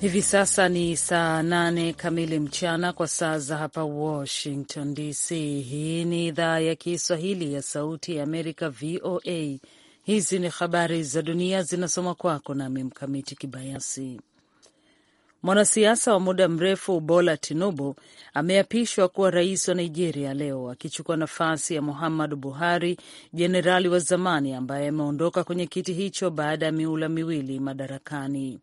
Hivi sasa ni saa nane kamili mchana kwa saa za hapa Washington DC. Hii ni idhaa ya Kiswahili ya Sauti ya Amerika, VOA. Hizi ni habari za dunia zinasoma kwako nami Mkamiti Kibayasi. Mwanasiasa wa muda mrefu Bola Tinubu ameapishwa kuwa rais wa Nigeria leo akichukua nafasi ya Muhammadu Buhari, jenerali wa zamani ambaye ameondoka kwenye kiti hicho baada ya miula miwili madarakani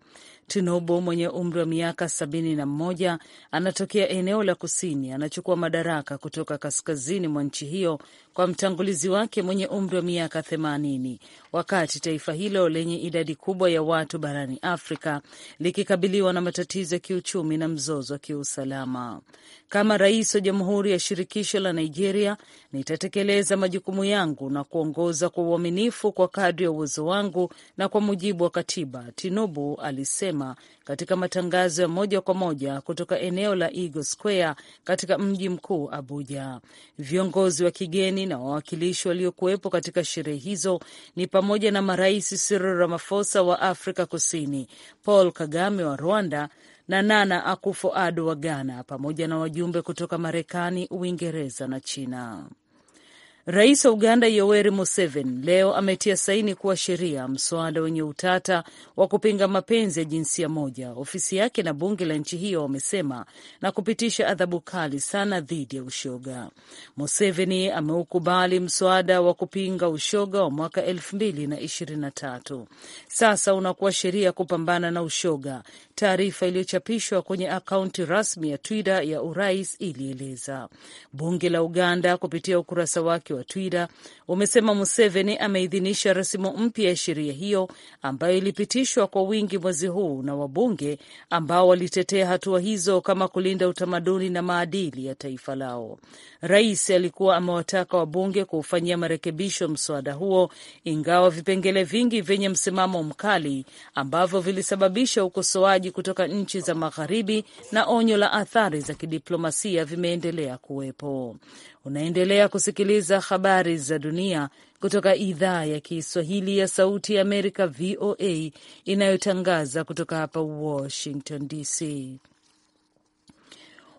tinobo mwenye umri wa miaka sabini na mmoja anatokea eneo la kusini, anachukua madaraka kutoka kaskazini mwa nchi hiyo kwa mtangulizi wake mwenye umri wa miaka 80 wakati taifa hilo lenye idadi kubwa ya watu barani Afrika likikabiliwa na matatizo ya kiuchumi na mzozo wa kiusalama. Kama rais wa Jamhuri ya Shirikisho la Nigeria, nitatekeleza majukumu yangu na kuongoza kwa uaminifu kwa kadri ya uwezo wangu na kwa mujibu wa katiba, Tinubu alisema katika matangazo ya moja kwa moja kutoka eneo la Eagle Square katika mji mkuu Abuja. Viongozi wa kigeni na wawakilishi waliokuwepo katika sherehe hizo ni pamoja na marais Cyril Ramaphosa wa Afrika Kusini, Paul Kagame wa Rwanda na Nana Akufo-Addo wa Ghana pamoja na wajumbe kutoka Marekani, Uingereza na China. Rais wa Uganda Yoweri Museveni leo ametia saini kuwa sheria mswada wenye utata wa kupinga mapenzi ya jinsia moja, ofisi yake na bunge la nchi hiyo wamesema, na kupitisha adhabu kali sana dhidi ya ushoga. Museveni ameukubali mswada wa kupinga ushoga wa mwaka elfu mbili na ishirini na tatu, sasa unakuwa sheria kupambana na ushoga. Taarifa iliyochapishwa kwenye akaunti rasmi ya Twitter ya urais ilieleza bunge la Uganda kupitia ukurasa wake wa Twitter umesema Museveni ameidhinisha rasimu mpya ya sheria hiyo ambayo ilipitishwa kwa wingi mwezi huu na wabunge ambao walitetea hatua hizo kama kulinda utamaduni na maadili ya taifa lao. Rais alikuwa amewataka wabunge kuufanyia marekebisho mswada huo, ingawa vipengele vingi vyenye msimamo mkali ambavyo vilisababisha ukosoaji kutoka nchi za Magharibi na onyo la athari za kidiplomasia vimeendelea kuwepo. Unaendelea kusikiliza habari za dunia kutoka idhaa ya Kiswahili ya Sauti ya Amerika, VOA, inayotangaza kutoka hapa Washington DC.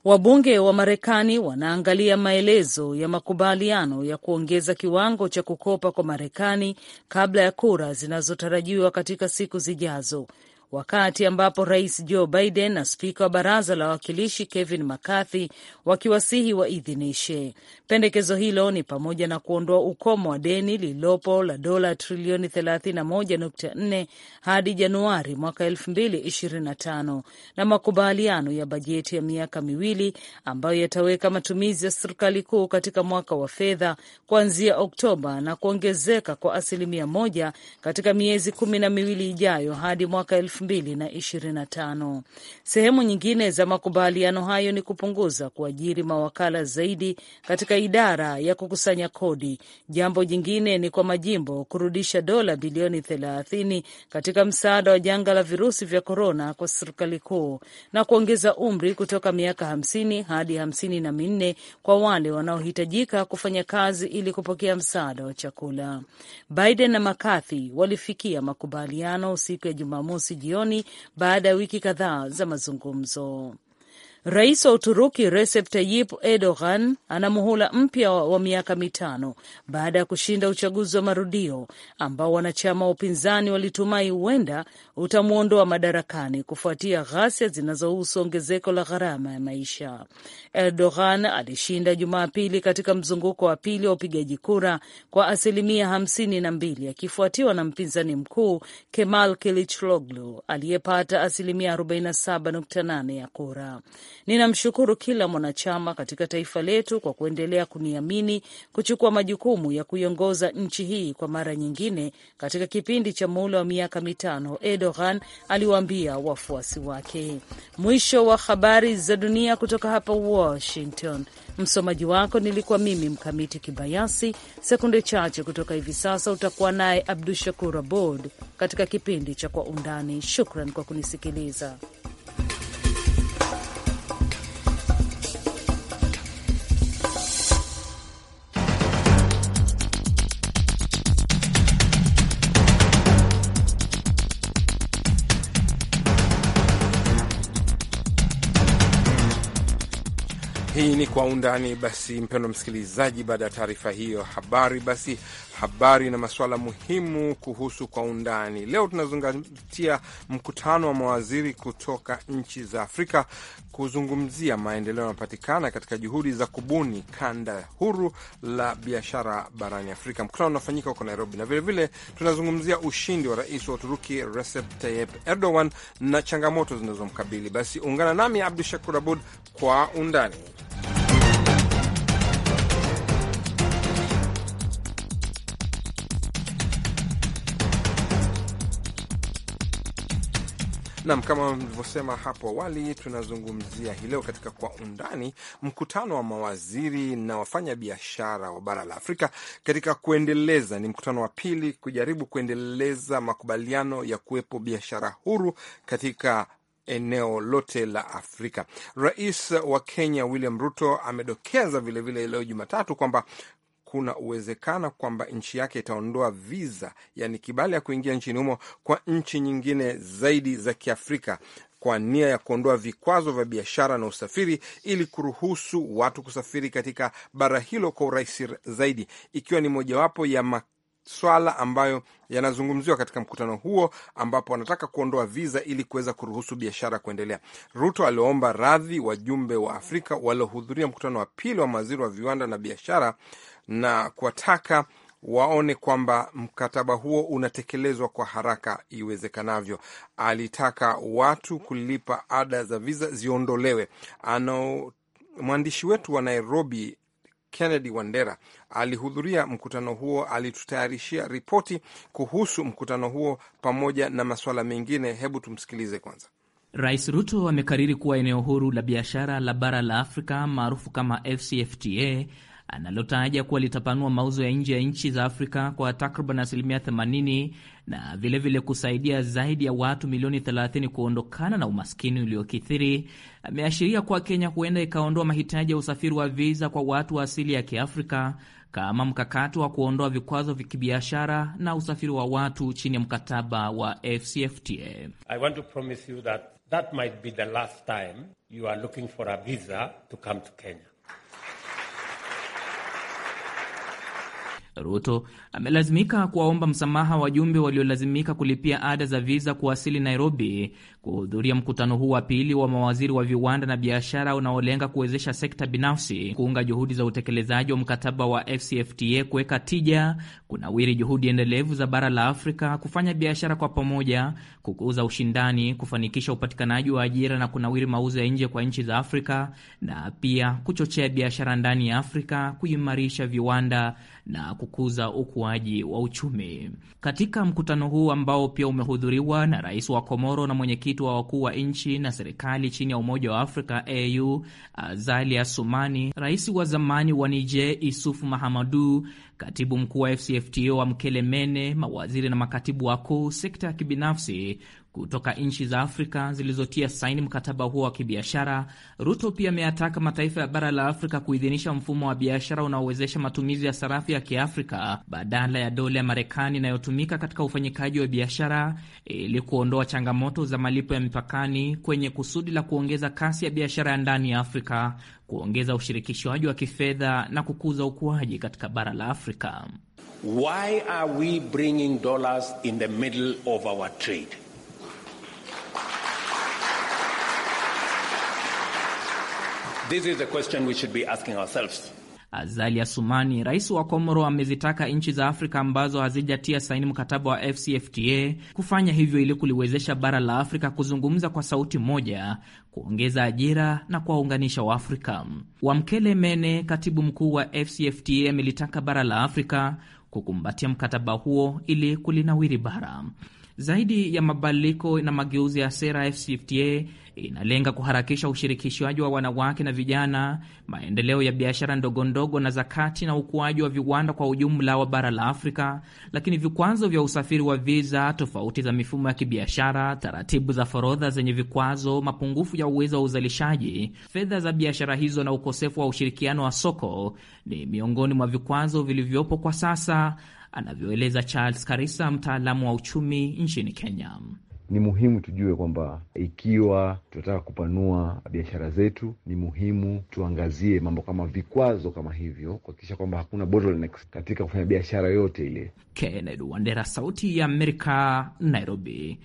Wabunge wa Marekani wanaangalia maelezo ya makubaliano ya kuongeza kiwango cha kukopa kwa Marekani kabla ya kura zinazotarajiwa katika siku zijazo wakati ambapo Rais Joe Biden na spika wa baraza la wawakilishi Kevin McCarthy wakiwasihi waidhinishe pendekezo hilo, ni pamoja na kuondoa ukomo wa deni lililopo la dola trilioni 31.4 hadi Januari mwaka 2025 na makubaliano ya bajeti ya miaka miwili ambayo yataweka matumizi ya serikali kuu katika mwaka wa fedha kuanzia Oktoba na kuongezeka kwa asilimia moja katika miezi kumi na miwili ijayo hadi mwaka elfu elfu mbili na ishirini na tano. Sehemu nyingine za makubaliano hayo ni kupunguza kuajiri mawakala zaidi katika idara ya kukusanya kodi. Jambo jingine ni kwa majimbo kurudisha dola bilioni thelathini katika msaada wa janga la virusi vya korona kwa serikali kuu na kuongeza umri kutoka miaka hamsini hadi hamsini na minne kwa wale wanaohitajika kufanya kazi ili kupokea msaada wa chakula. Biden na McCarthy walifikia makubaliano siku ya Jumamosi jioni baada ya wiki kadhaa za mazungumzo. Rais wa Uturuki Recep Tayyip Erdogan ana muhula mpya wa miaka mitano baada ya kushinda uchaguzi wa marudio ambao wanachama wa upinzani walitumai huenda utamwondoa madarakani kufuatia ghasia zinazohusu ongezeko la gharama ya maisha. Erdogan alishinda Jumapili katika mzunguko wa pili wa upigaji kura kwa asilimia hamsini na mbili akifuatiwa na mpinzani mkuu Kemal Kilichloglu aliyepata asilimia 47.8 ya kura. Ninamshukuru kila mwanachama katika taifa letu kwa kuendelea kuniamini kuchukua majukumu ya kuiongoza nchi hii kwa mara nyingine katika kipindi cha muhula wa miaka mitano, Erdogan aliwaambia wafuasi wake. Mwisho wa habari za dunia kutoka hapa Washington. Msomaji wako nilikuwa mimi Mkamiti Kibayasi. Sekunde chache kutoka hivi sasa utakuwa naye Abdu Shakur Abod katika kipindi cha Kwa Undani. Shukran kwa kunisikiliza. Kwa undani. Basi mpendwa msikilizaji, baada ya taarifa hiyo habari, basi habari na masuala muhimu kuhusu kwa undani leo, tunazungumzia mkutano wa mawaziri kutoka nchi za Afrika kuzungumzia maendeleo yanayopatikana katika juhudi za kubuni kanda huru la biashara barani Afrika. Mkutano unafanyika huko Nairobi, na vilevile tunazungumzia ushindi wa rais wa Uturuki Recep Tayyip Erdogan na changamoto zinazomkabili. Basi ungana nami Abdu Shakur Abud kwa undani. Nam, kama mlivyosema hapo awali, tunazungumzia hii leo katika Kwa Undani mkutano wa mawaziri na wafanya biashara wa bara la Afrika katika kuendeleza, ni mkutano wa pili kujaribu kuendeleza makubaliano ya kuwepo biashara huru katika eneo lote la Afrika. Rais wa Kenya William Ruto amedokeza vilevile leo Jumatatu kwamba kuna uwezekano kwamba nchi yake itaondoa viza, yani kibali ya kuingia nchini humo kwa nchi nyingine zaidi za Kiafrika kwa nia ya kuondoa vikwazo vya biashara na usafiri ili kuruhusu watu kusafiri katika bara hilo kwa urahisi zaidi, ikiwa ni mojawapo ya maswala ambayo yanazungumziwa katika mkutano huo, ambapo wanataka kuondoa viza ili kuweza kuruhusu biashara kuendelea. Ruto alioomba radhi wajumbe wa Afrika waliohudhuria mkutano wa pili wa mawaziri wa viwanda na biashara na kuwataka waone kwamba mkataba huo unatekelezwa kwa haraka iwezekanavyo. Alitaka watu kulipa ada za viza ziondolewe. Ano, mwandishi wetu wa Nairobi Kennedy Wandera alihudhuria mkutano huo, alitutayarishia ripoti kuhusu mkutano huo pamoja na masuala mengine. Hebu tumsikilize kwanza. Rais Ruto amekariri kuwa eneo huru la biashara la bara la Afrika maarufu kama FCFTA analotaja kuwa litapanua mauzo ya nje ya nchi za Afrika kwa takriban asilimia 80 na vilevile vile kusaidia zaidi ya watu milioni 30 kuondokana na umaskini uliokithiri. Ameashiria kuwa Kenya huenda ikaondoa mahitaji ya usafiri wa viza kwa watu wa asili ya Kiafrika kama mkakati wa kuondoa vikwazo vya kibiashara na usafiri wa watu chini ya mkataba wa FCFTA. I want to promise you that that might be the last time you are looking for a visa to come to Kenya. Ruto amelazimika kuwaomba msamaha wajumbe waliolazimika kulipia ada za viza kuwasili Nairobi kuhudhuria mkutano huu wa pili wa mawaziri wa viwanda na biashara unaolenga kuwezesha sekta binafsi kuunga juhudi za utekelezaji wa mkataba wa FCFTA, kuweka tija, kunawiri juhudi endelevu za bara la Afrika, kufanya biashara kwa pamoja, kukuza ushindani, kufanikisha upatikanaji wa ajira na kunawiri mauzo ya nje kwa nchi za Afrika, na pia kuchochea biashara ndani ya Afrika, kuimarisha viwanda na kukuza ukuaji wa uchumi. Katika mkutano huu ambao pia umehudhuriwa na rais wa Komoro na mwenyekiti mwenyekiti wa wakuu wa nchi na serikali chini ya Umoja wa Afrika AU Azalia Sumani, rais wa zamani wa Niger Isufu Mahamadu, katibu mkuu wa FCFTO wa Mkelemene, mawaziri na makatibu wakuu, sekta ya kibinafsi, kutoka nchi za Afrika zilizotia saini mkataba huo wa kibiashara. Ruto pia ameyataka mataifa ya bara la Afrika kuidhinisha mfumo wa biashara unaowezesha matumizi ya sarafu ya Kiafrika badala ya dola ya Marekani inayotumika katika ufanyikaji wa biashara ili kuondoa changamoto za malipo ya mipakani kwenye kusudi la kuongeza kasi ya biashara ya ndani ya Afrika, kuongeza ushirikishwaji wa kifedha na kukuza ukuaji katika bara la Afrika. Why are we bringing dollars in the middle of our trade? This is question we should be asking ourselves. Azali Asumani, rais wa Komoro, amezitaka nchi za Afrika ambazo hazijatia saini mkataba wa fcfta kufanya hivyo ili kuliwezesha bara la Afrika kuzungumza kwa sauti moja, kuongeza ajira na kuwaunganisha Waafrika. Wamkele Mene, katibu mkuu wa fcfta amelitaka bara la Afrika kukumbatia mkataba huo ili kulinawiri bara. Zaidi ya mabadiliko na mageuzi ya sera FCFTA inalenga kuharakisha ushirikishwaji wa wanawake na vijana, maendeleo ya biashara ndogondogo na zakati na ukuaji wa viwanda kwa ujumla wa bara la Afrika. Lakini vikwazo vya usafiri wa viza, tofauti za mifumo ya kibiashara, taratibu za forodha zenye vikwazo, mapungufu ya uwezo wa uzalishaji, fedha za biashara hizo na ukosefu wa ushirikiano wa soko ni miongoni mwa vikwazo vilivyopo kwa sasa, anavyoeleza Charles Karisa, mtaalamu wa uchumi nchini Kenya. Ni muhimu tujue kwamba ikiwa tunataka kupanua biashara zetu, ni muhimu tuangazie mambo kama vikwazo kama hivyo, kuhakikisha kwamba hakuna bottlenecks katika kufanya biashara yote ile. Kennedy Wandera, Sauti ya Amerika, Nairobi.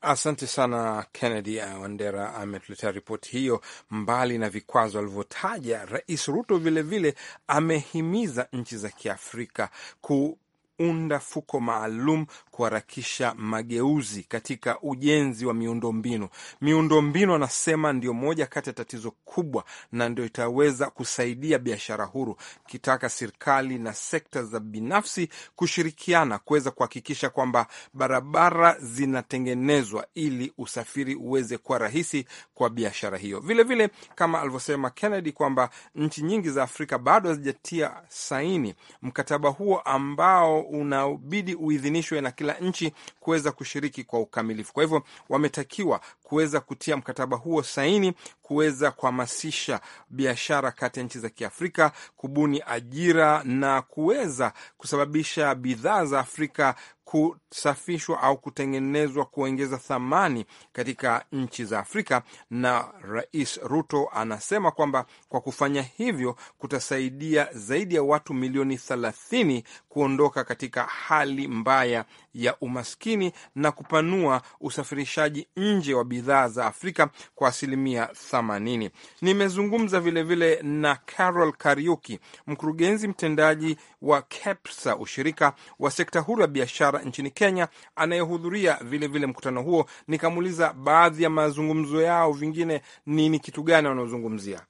Asante sana Kennedy uh, Wandera ametuletea ripoti hiyo. Mbali na vikwazo alivyotaja Rais Ruto, vilevile vile amehimiza nchi za Kiafrika ku kuunda fuko maalum kuharakisha mageuzi katika ujenzi wa miundombinu. Miundombinu anasema ndio moja kati ya tatizo kubwa, na ndio itaweza kusaidia biashara huru, kitaka serikali na sekta za binafsi kushirikiana kuweza kuhakikisha kwamba barabara zinatengenezwa ili usafiri uweze kuwa rahisi kwa biashara hiyo. Vilevile vile, kama alivyosema Kennedy kwamba nchi nyingi za Afrika bado hazijatia saini mkataba huo ambao unabidi uidhinishwe na kila nchi kuweza kushiriki kwa ukamilifu. Kwa hivyo wametakiwa kuweza kutia mkataba huo saini, kuweza kuhamasisha biashara kati ya nchi za Kiafrika, kubuni ajira na kuweza kusababisha bidhaa za Afrika kusafishwa au kutengenezwa kuongeza thamani katika nchi za Afrika. Na Rais Ruto anasema kwamba kwa kufanya hivyo kutasaidia zaidi ya watu milioni thelathini kuondoka katika hali mbaya ya umaskini na kupanua usafirishaji nje wa bidhaa za Afrika kwa asilimia 80. Nimezungumza vilevile na Carol Kariuki, mkurugenzi mtendaji wa KEPSA, ushirika wa sekta huru ya biashara nchini Kenya, anayehudhuria vilevile mkutano huo. Nikamuuliza baadhi ya mazungumzo yao, vingine nini, kitu gani wanaozungumzia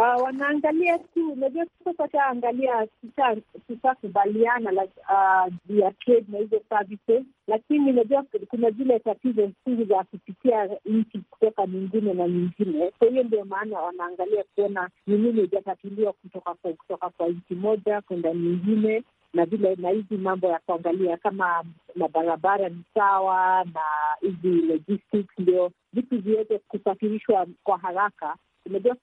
uh, wanaangalia tu, unajua sasa shaangalia tushakubaliana ah, juu ya trade na hizo services, lakini unajua kuna zile tatizo siku za kupitia nchi kutoka nyingine na nyingine. Kwa hiyo ndio maana wanaangalia kuona ni nini ijatatuliwa kutoka kwa kutoka kwa nchi moja kwenda nyingine na vile na hizi mambo ya kuangalia kama mabarabara ni sawa na hizi logistics, ndio vitu viweze kusafirishwa kwa haraka. Unajua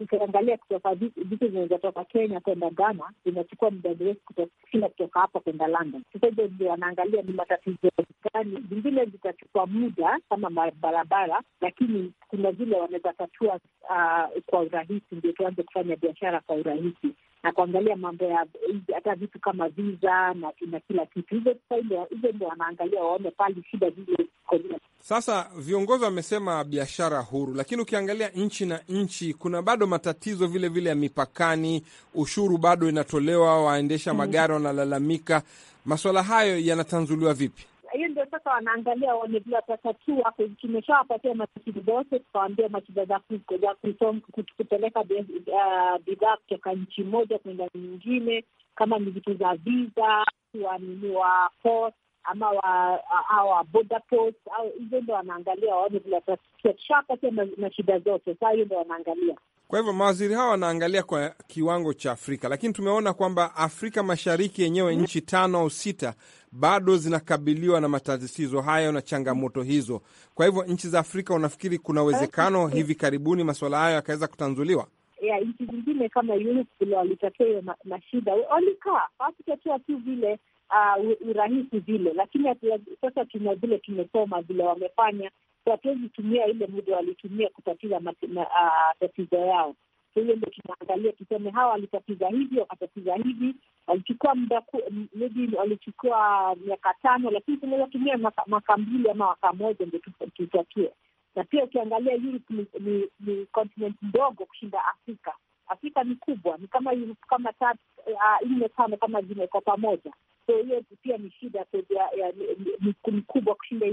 ukiangalia kutoka vitu zinazotoka Kenya kwenda Ghana inachukua muda mrefu kushinda kutoka hapa kwenda London. Sasa hivyo ndio wanaangalia ni matatizo gani, zingine zitachukua muda kama barabara, lakini kuna vile wanaweza tatua uh, kwa urahisi, ndio tuanze kufanya biashara kwa urahisi na kuangalia mambo ya hata vitu kama visa na, kila kitu. Hizo sasa hizo ndio wanaangalia waone pali shida zile ziko sasa viongozi wamesema biashara huru, lakini ukiangalia nchi na nchi kuna bado matatizo vilevile vile ya mipakani, ushuru bado inatolewa, waendesha mhm. magari wanalalamika. Masuala hayo yanatanzuliwa vipi? Hiyo ndio sasa wanaangalia waone vile watatatua. Tumeshawapatia matatizo yote, tukawaambia matiza za kupeleka ah, bidhaa kutoka nchi moja kwenda nyingine, kama ni vitu za viza, wanunua port ama wa border post au hizo ndo wanaangalia waone vile watafikia shapatia na shida zote. Saa hiyo ndo wanaangalia. Kwa hivyo mawaziri hawa wanaangalia kwa kiwango cha Afrika, lakini tumeona kwamba Afrika Mashariki yenyewe nchi tano au sita bado zinakabiliwa na matatizo hayo na changamoto hizo. Kwa hivyo nchi za Afrika, unafikiri kuna uwezekano eh, eh. hivi karibuni masuala hayo yakaweza kutanzuliwa? Yeah, nchi zingine kama Europe vile walitatua hiyo mashida, walikaa hawakutatua tu vile uh, urahisi vile, lakini sasa tuna vile tumesoma vile wamefanya, hatuwezi tumia ile muda walitumia kutatiza uh, tatizo uh, yao. So hiyo ndo tunaangalia tuseme, hawa walitatiza hivi, wakatatiza hivi, walichukua muda maybe walichukua miaka tano, lakini tunaweza tumia mwaka mbili ama mwaka moja ndo tutatie. Na pia ukiangalia Europe ni, ni, ni continent ndogo kushinda Afrika. Afrika ni kubwa, ni kama kama tatu uh, nne tano kama zimekwa pamoja So hiyo pia ni shida mikubwa kushinda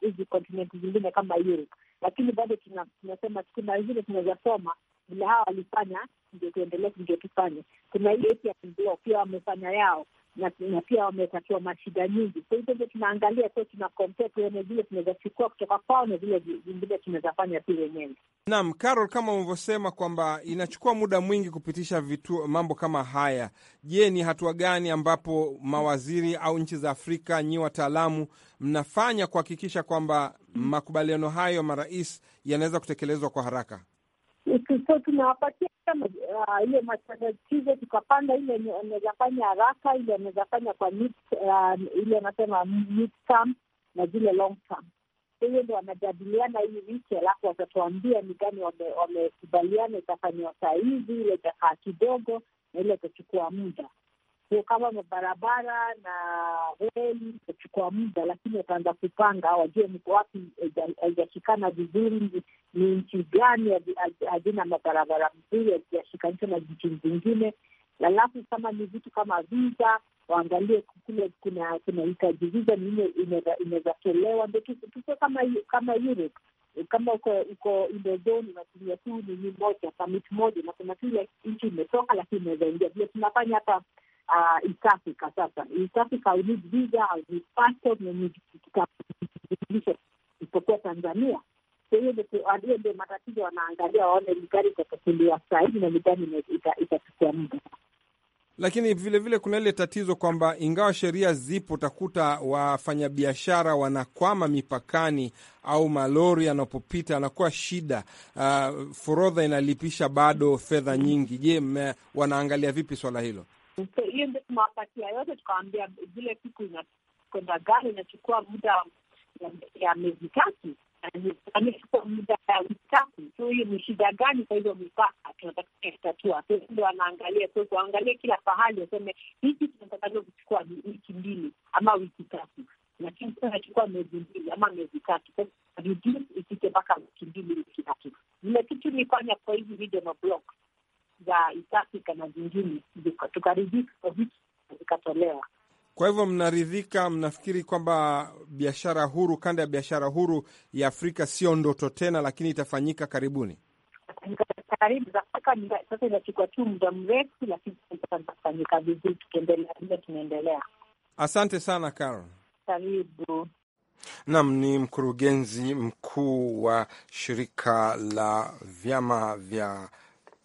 hizi kontinenti zingine kama Europe, lakini bado tunasema kuna zile tunazasoma vile hawa walifanya, ndio tuendelee, ndio tufanye. Kuna hiyo pia pia wamefanya yao na, na pia wametakiwa mashida nyingi. So hizo ndio tunaangalia, so tunakompea, tuone zile tunaweza chukua kutoka kwao na zile zingine tunaweza fanya wenyewe. Naam, Carol, kama ulivyosema kwamba inachukua muda mwingi kupitisha vitu, mambo kama haya. Je, ni hatua gani ambapo mawaziri au nchi za Afrika nyi wataalamu mnafanya kuhakikisha kwamba makubaliano hayo marais yanaweza kutekelezwa kwa haraka? So tunawapatia uh, ile masandakizo tukapanda ile anaweza fanya haraka, ile anaweza fanya kwa mid, uh, ile anasema mid term na zile long term yeye ndo wanajadiliana hii wiki, alafu watatuambia ni gani wamekubaliana, wame itafanyiwa saa hizi, ile itakaa kidogo na ile itachukua muda so, kama mabarabara na reli itachukua muda, lakini wataanza kupanga, wajue mko wapi haijashikana vizuri, ni nchi gani hazina mabarabara mzuri, hazijashikanishwa na nchi zingine. Alafu kama ni vitu kama visa waangalie kule kuna kuna hitaji hizo nini inaweza tolewa, ndo tuko kama kama Europe kama uko uko indozoni unatumia tu nini moja summit moja, unasema tu ile nchi imetoka, lakini inaweza ingia vile tunafanya hapa ah, East Africa. Sasa East Africa au need visa au need passport na kitambulisho, isipokuwa Tanzania. Hiyo ndio matatizo wanaangalia, waone ni gani itachukuliwa sahizi na ni gani itachukua muda. Lakini vilevile vile kuna ile tatizo kwamba ingawa sheria zipo, utakuta wafanyabiashara wanakwama mipakani au malori yanapopita anakuwa shida. Uh, forodha inalipisha bado fedha nyingi. Je, wanaangalia vipi swala hilo? Hiyo ndio tumewapatia yote, tukawambia zile siku inakwenda gari inachukua muda ya miezi tatu amechukua muda ya wiki tatu tu. Huyu ni shida gani? Kwa hivyo mipaka tunataka kutatua, ndo anaangalia so kuangalia kila pahali, aseme hiki tunataka kuchukua wiki mbili ama wiki tatu, lakini nachukua miezi mbili ama miezi tatu, ifike mpaka wiki mbili wiki tatu. Ile kitu nilifanya kwa hizi regional block za East Africa na zingine, vitu vikatolewa kwa hivyo mnaridhika, mnafikiri kwamba biashara huru, kanda ya biashara huru ya Afrika sio ndoto tena, lakini itafanyika karibuni? Karibu za Afrika sasa inachukua tu muda mrefu, lakini itafanyika vizuri, tukiendelea vile tunaendelea. Asante sana Carol. Karibu. Nam ni mkurugenzi mkuu wa shirika la vyama vya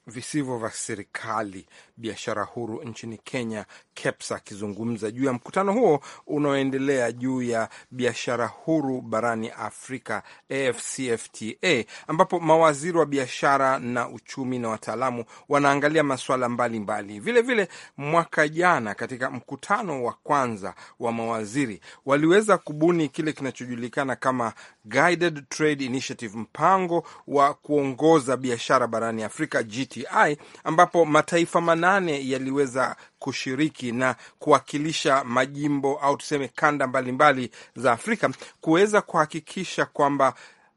visivyo vya serikali biashara huru nchini Kenya, KEPSA, akizungumza juu ya mkutano huo unaoendelea juu ya biashara huru barani Afrika, AfCFTA, ambapo mawaziri wa biashara na uchumi na wataalamu wanaangalia masuala mbalimbali. Vilevile mwaka jana katika mkutano wa kwanza wa mawaziri waliweza kubuni kile kinachojulikana kama Guided Trade Initiative, mpango wa kuongoza biashara barani Afrika, GTI, ambapo mataifa nane yaliweza kushiriki na kuwakilisha majimbo au tuseme kanda mbalimbali mbali za Afrika kuweza kuhakikisha kwamba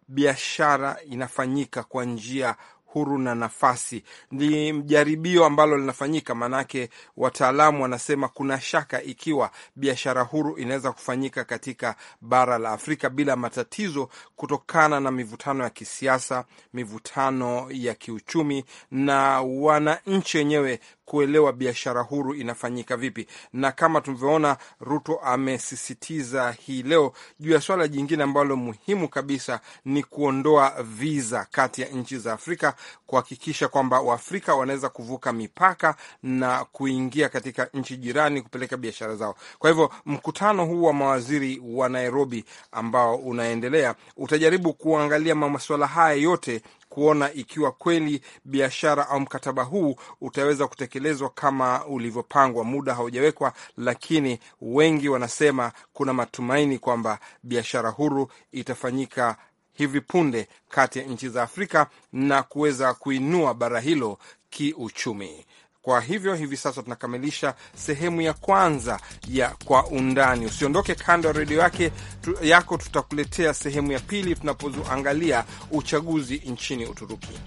biashara inafanyika kwa njia huru na nafasi. Ni jaribio ambalo linafanyika, maanake wataalamu wanasema kuna shaka ikiwa biashara huru inaweza kufanyika katika bara la Afrika bila matatizo, kutokana na mivutano ya kisiasa, mivutano ya kiuchumi na wananchi wenyewe kuelewa biashara huru inafanyika vipi, na kama tulivyoona, Ruto amesisitiza hii leo juu ya swala jingine ambalo muhimu kabisa ni kuondoa viza kati ya nchi za Afrika, kuhakikisha kwamba Waafrika wanaweza kuvuka mipaka na kuingia katika nchi jirani kupeleka biashara zao. Kwa hivyo mkutano huu wa mawaziri wa Nairobi ambao unaendelea utajaribu kuangalia masuala haya yote kuona ikiwa kweli biashara au mkataba huu utaweza kutekelezwa kama ulivyopangwa. Muda haujawekwa, lakini wengi wanasema kuna matumaini kwamba biashara huru itafanyika hivi punde kati ya nchi za Afrika na kuweza kuinua bara hilo kiuchumi. Kwa hivyo hivi sasa tunakamilisha sehemu ya kwanza ya Kwa Undani. Usiondoke kando ya redio yake tu, yako. Tutakuletea sehemu ya pili tunapoangalia uchaguzi nchini Uturuki.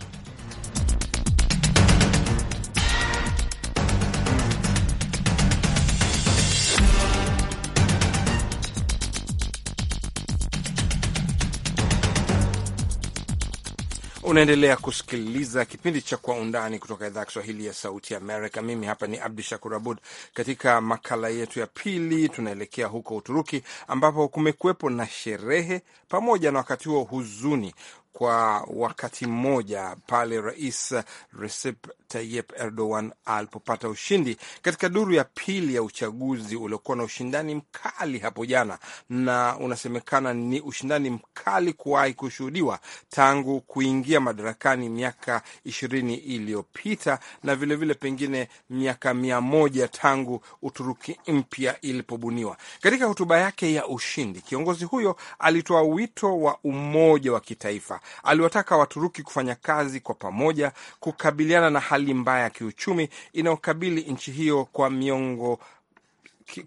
Unaendelea kusikiliza kipindi cha Kwa Undani kutoka idhaa ya Kiswahili ya Sauti Amerika. Mimi hapa ni Abdu Shakur Abud. Katika makala yetu ya pili, tunaelekea huko Uturuki ambapo kumekuwepo na sherehe pamoja na wakati huo huzuni kwa wakati mmoja pale Rais Recep Tayyip Erdogan alipopata ushindi katika duru ya pili ya uchaguzi uliokuwa na ushindani mkali hapo jana, na unasemekana ni ushindani mkali kuwahi kushuhudiwa tangu kuingia madarakani miaka ishirini iliyopita na vilevile vile pengine miaka mia moja tangu Uturuki mpya ilipobuniwa. Katika hotuba yake ya ushindi, kiongozi huyo alitoa wito wa umoja wa kitaifa aliwataka Waturuki kufanya kazi kwa pamoja kukabiliana na hali mbaya ya kiuchumi inayokabili nchi hiyo kwa miongo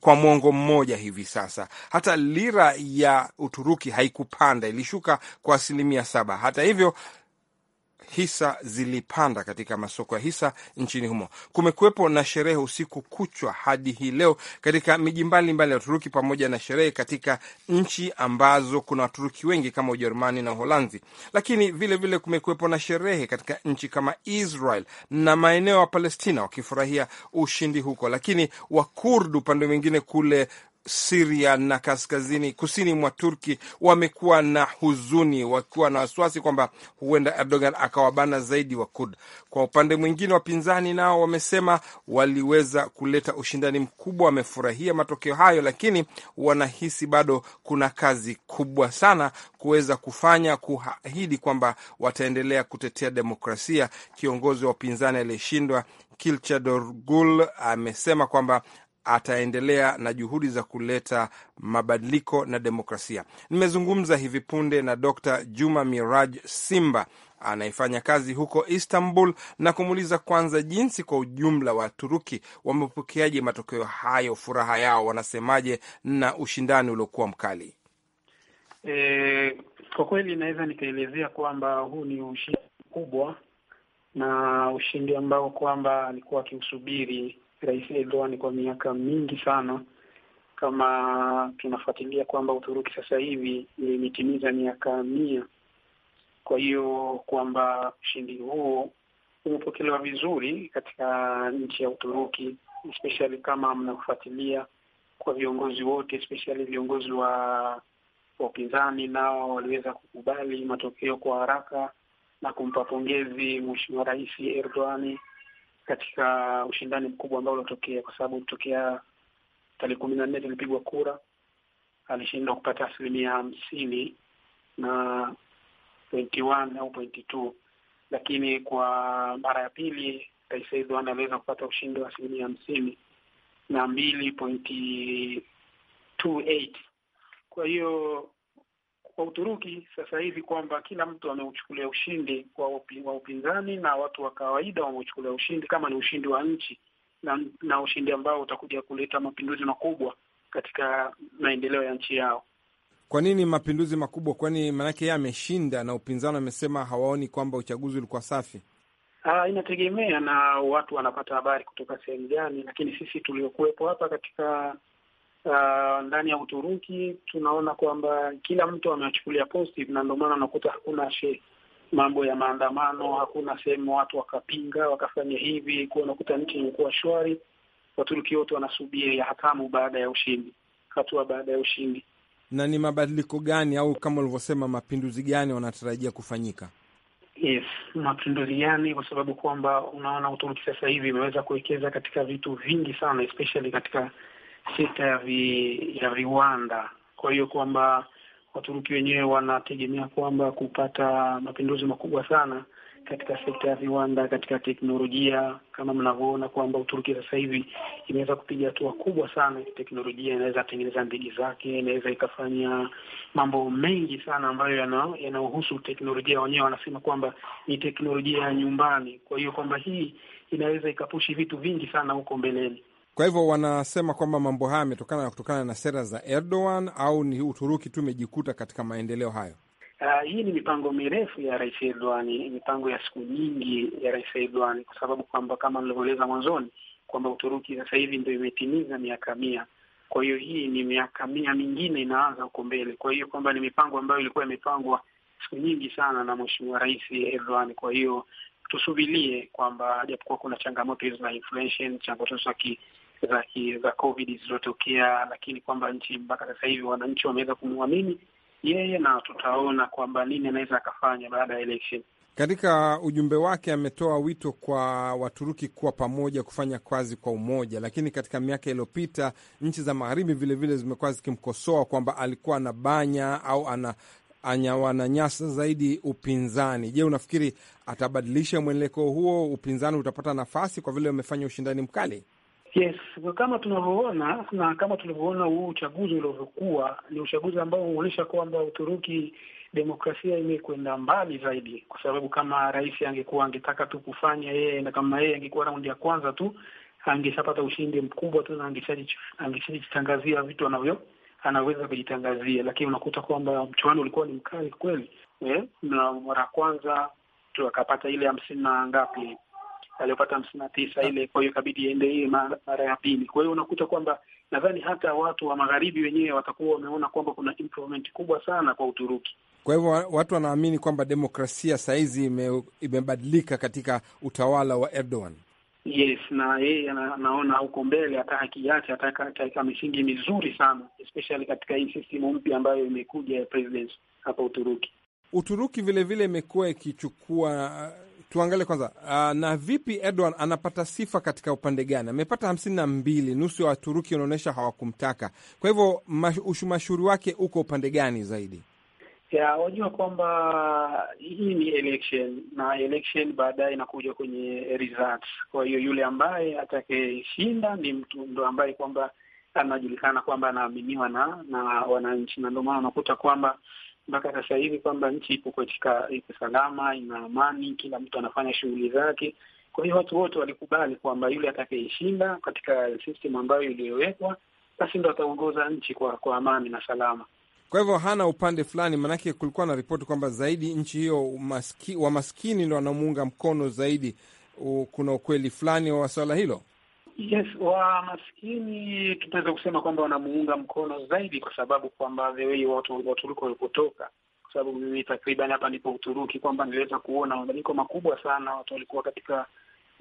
kwa mwongo mmoja hivi sasa. Hata lira ya Uturuki haikupanda, ilishuka kwa asilimia saba. Hata hivyo hisa zilipanda katika masoko ya hisa nchini humo. Kumekuwepo na sherehe usiku kuchwa hadi hii leo katika miji mbalimbali ya Uturuki pamoja na sherehe katika nchi ambazo kuna Waturuki wengi kama Ujerumani na Uholanzi, lakini vilevile kumekuwepo na sherehe katika nchi kama Israel na maeneo ya Palestina wakifurahia ushindi huko, lakini Wakurdu upande mwingine kule Siria na kaskazini kusini mwa Turki wamekuwa na huzuni, wakiwa na wasiwasi kwamba huenda Erdogan akawabana zaidi wa Kurd. Kwa upande mwingine, wapinzani nao wamesema waliweza kuleta ushindani mkubwa, wamefurahia matokeo hayo, lakini wanahisi bado kuna kazi kubwa sana kuweza kufanya, kuahidi kwamba wataendelea kutetea demokrasia. Kiongozi wa upinzani aliyeshindwa Kilchadorgul amesema kwamba ataendelea na juhudi za kuleta mabadiliko na demokrasia. Nimezungumza hivi punde na Dr Juma Miraj Simba anayefanya kazi huko Istanbul na kumuuliza kwanza jinsi kwa ujumla Waturuki wamepokeaje matokeo hayo, furaha yao wanasemaje, na ushindani uliokuwa mkali. E, kwa kweli naweza nikaelezea kwamba huu ni ushindi mkubwa na ushindi ambao kwamba alikuwa akiusubiri Rais Erdogan kwa miaka mingi sana. Kama tunafuatilia kwamba Uturuki sasa hivi imetimiza miaka mia, kwa hiyo kwamba ushindi huo umepokelewa vizuri katika nchi ya Uturuki, especially kama mnafuatilia kwa viongozi wote, especially viongozi wa upinzani, nao waliweza kukubali matokeo kwa haraka na kumpa pongezi Mheshimiwa Rais Erdogan katika ushindani mkubwa ambao uliotokea, kwa sababu ulitokea tarehe kumi na nne tulipigwa kura, alishindwa kupata asilimia hamsini na pointi one au pointi two, lakini kwa mara ya pili Rais Said aliweza kupata ushindi wa asilimia hamsini na mbili pointi two eight. Kwa hiyo kwa Uturuki sasa hivi kwamba kila mtu ameuchukulia ushindi wa, upi, wa upinzani na watu wa kawaida wameuchukulia ushindi kama ni ushindi wa nchi na, na ushindi ambao utakuja kuleta mapinduzi makubwa katika maendeleo ya nchi yao. Kwa nini mapinduzi makubwa? Kwani maanake yeye ameshinda na upinzani amesema hawaoni kwamba uchaguzi ulikuwa safi. Aa, ah, inategemea na watu wanapata habari kutoka sehemu gani, lakini sisi tuliokuwepo hapa katika uh, ndani ya Uturuki tunaona kwamba kila mtu amewachukulia positive, na ndio maana unakuta hakuna she, mambo ya maandamano, hakuna sehemu watu wakapinga wakafanya hivi, kuwa unakuta nchi imekuwa shwari. Waturuki wote wanasubiri hatamu baada ya ushindi, hatua baada ya ushindi. Na ni mabadiliko gani au kama ulivyosema mapinduzi gani wanatarajia kufanyika? Yes, mapinduzi gani? Kwa sababu kwamba unaona Uturuki sasa hivi imeweza kuwekeza katika vitu vingi sana, especially katika sekta ya vi, ya viwanda. Kwa hiyo kwamba Waturuki wenyewe wanategemea kwamba kupata mapinduzi makubwa sana katika sekta ya viwanda, katika teknolojia. Kama mnavyoona kwamba Uturuki sasa hivi imeweza kupiga hatua kubwa sana teknolojia, inaweza tengeneza ndege zake, inaweza ikafanya mambo mengi sana ambayo yanayohusu yana teknolojia. Wenyewe wanasema kwamba ni teknolojia ya nyumbani, kwa hiyo kwamba hii inaweza ikapushi vitu vingi sana huko mbeleni. Kwa hivyo wanasema kwamba mambo haya yametokana kutokana na sera za Erdogan au ni Uturuki tu imejikuta katika maendeleo hayo? Uh, hii ni mipango mirefu ya Rais Erdogan, mipango ya siku nyingi ya Rais Erdogan, kwa sababu kwamba kama nilivyoeleza mwanzoni kwamba Uturuki sasa hivi ndo imetimiza miaka mia. Kwa hiyo hii ni miaka mia mingine inaanza huko mbele. Kwa hiyo kwamba ni mipango ambayo ilikuwa imepangwa siku nyingi sana na Mheshimiwa Rais Erdogan. Kwa hiyo tusubilie kwamba japokuwa kuna changamoto hizo za inflation, changamoto za za za COVID zilizotokea, lakini kwamba nchi mpaka sasa hivi wananchi wameweza kumwamini yeye na tutaona kwamba nini anaweza akafanya baada ya election. Katika ujumbe wake ametoa wito kwa Waturuki kuwa pamoja, kufanya kazi kwa umoja. Lakini katika miaka iliyopita nchi za magharibi vilevile zimekuwa zikimkosoa kwamba alikuwa anabanya au ana anyawananyasa zaidi upinzani. Je, unafikiri atabadilisha mwelekeo huo? Upinzani utapata nafasi kwa vile wamefanya ushindani mkali? Yes, kama tunavyoona na kama tulivyoona huu uchaguzi ulivyokuwa, ni uchaguzi ambao huonyesha kwamba Uturuki demokrasia imekwenda mbali zaidi, kwa sababu kama rais angekuwa angetaka tu kufanya yeye, na kama yeye angekuwa raundi ya kwanza tu angeshapata ushindi mkubwa tu, na angeshajitangazia vitu anavyo anaweza kujitangazia, lakini unakuta kwamba mchuano ulikuwa ni mkali kweli, yeah? na mara ya kwanza tu akapata ile hamsini na ngapi aliyopata hamsini na tisa ah. ile, kwa hiyo ikabidi iende ile mara ya pili. Kwa hiyo unakuta kwamba nadhani hata watu wa magharibi wenyewe watakuwa wameona kwamba kuna improvement kubwa sana kwa Uturuki. Kwa hivyo watu wanaamini kwamba demokrasia sahizi ime, imebadilika katika utawala wa Erdogan. Yes, na yeye anaona huko mbele hata yake ataka katika misingi mizuri sana especially katika hii system mpya ambayo imekuja ya presidents hapa Uturuki. Uturuki vilevile imekuwa ikichukua tuangalie kwanza uh, na vipi Erdogan anapata sifa katika upande gani? Amepata hamsini na mbili, nusu ya Waturuki wanaonyesha hawakumtaka. Kwa hivyo ushumashuri wake uko upande gani zaidi? ya wajua kwamba hii ni election na election baadaye inakuja kwenye results. Kwa hiyo yule ambaye atakayeshinda ni mtu ndo ambaye kwamba anajulikana kwamba anaaminiwa na na wananchi, na ndio maana unakuta kwamba mpaka sasa hivi kwamba nchi ipo katika iko salama, ina amani, kila mtu anafanya shughuli zake. Kwa hiyo watu wote walikubali kwamba yule atakayeshinda katika system ambayo iliyowekwa, basi ndo ataongoza nchi kwa kwa amani na salama. Kwa hivyo hana upande fulani, maanake kulikuwa na ripoti kwamba zaidi nchi hiyo wa wamaskini ndo wanamuunga mkono zaidi. Kuna ukweli fulani wa swala hilo? Yes, wa maskini tunaweza kusema kwamba wanamuunga mkono zaidi, kwa sababu kwamba the watu Waturuki walipotoka, kwa sababu mimi takriban hapa nipo Uturuki, kwamba niliweza kuona mabadiliko makubwa sana, watu walikuwa katika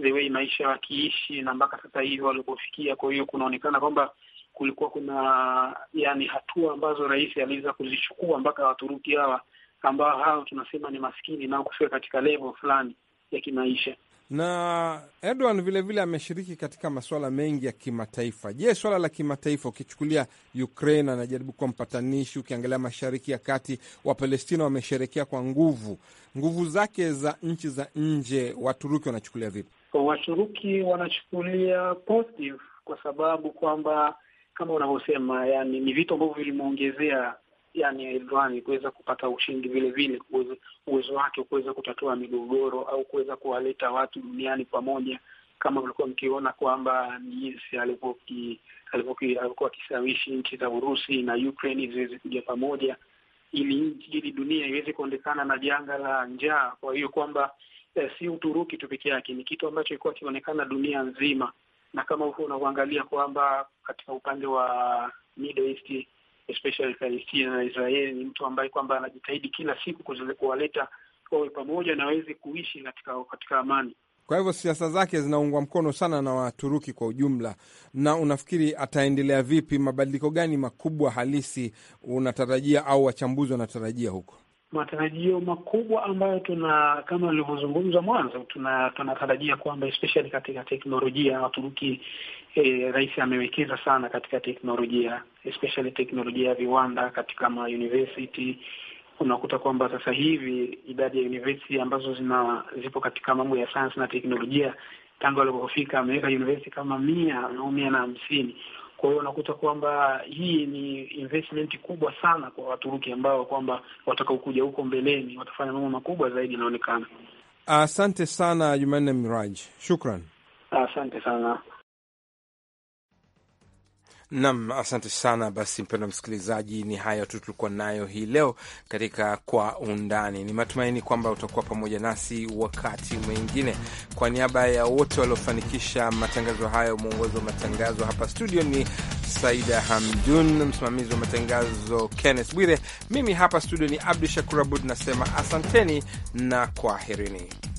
the way maisha wakiishi na mpaka sasa hivi walipofikia. Kwa hiyo kunaonekana kwamba kulikuwa kuna yani hatua ambazo rais aliweza kuzichukua mpaka Waturuki hawa ambao hao tunasema ni maskini nao kufika katika level fulani ya kimaisha. Na Edwan vilevile ameshiriki katika masuala mengi ya kimataifa. Je, swala la kimataifa ukichukulia Ukraine anajaribu kuwa mpatanishi, ukiangalia mashariki ya kati, Wapalestina wamesherekea kwa nguvu. Nguvu zake za nchi za nje, Waturuki wanachukulia vipi? Waturuki wanachukulia positive kwa sababu kwamba kama unavyosema, yani ni vitu ambavyo vilimwongezea yani Erdogan kuweza kupata ushindi vile vile, uwezo wake kuweza kutatua migogoro au kuweza kuwaleta watu duniani pamoja, kama ulikuwa mkiona kwamba jinsi alivyokuwa akisawishi nchi za Urusi na Ukraine ziweze kuja pamoja ili ili dunia iweze kuondekana na janga la njaa. Kwa hiyo kwamba eh, si Uturuki tu peke yake, ni kitu ambacho ilikuwa kionekana dunia nzima, na kama huko unavyoangalia kwamba katika upande wa Middle East especially Palestina na Israeli. Ni mtu ambaye kwamba anajitahidi kila siku kuwaleta wawe pamoja na waweze kuishi katika katika amani. Kwa hivyo siasa zake zinaungwa mkono sana na Waturuki kwa ujumla. Na unafikiri ataendelea vipi? Mabadiliko gani makubwa halisi unatarajia au wachambuzi wanatarajia huko? matarajio makubwa ambayo tuna kama alivyozungumza mwanzo, tuna tunatarajia kwamba especially katika teknolojia Waturuki, eh, rais amewekeza sana katika teknolojia especially teknolojia ya viwanda katika ma university. Unakuta kwamba sasa hivi idadi ya university ambazo zina zipo katika mambo ya sayansi na teknolojia tangu alipofika ameweka university kama mia au mia na hamsini. Kwa hiyo unakuta kwamba hii ni investment kubwa sana kwa Waturuki ambao kwamba watakaokuja huko mbeleni watafanya mambo makubwa zaidi, inaonekana. Asante sana Jumanne Miraj, shukran. Asante sana. Nam, asante sana. Basi mpendwa msikilizaji, ni hayo tu tulikuwa nayo hii leo katika Kwa Undani. Ni matumaini kwamba utakuwa pamoja nasi wakati mwingine. Kwa niaba ya wote waliofanikisha matangazo hayo, mwongozi wa matangazo hapa studio ni Saida Hamdun, msimamizi wa matangazo Kenneth Bwire, mimi hapa studio ni Abdu Shakur Abud nasema asanteni na kwaherini.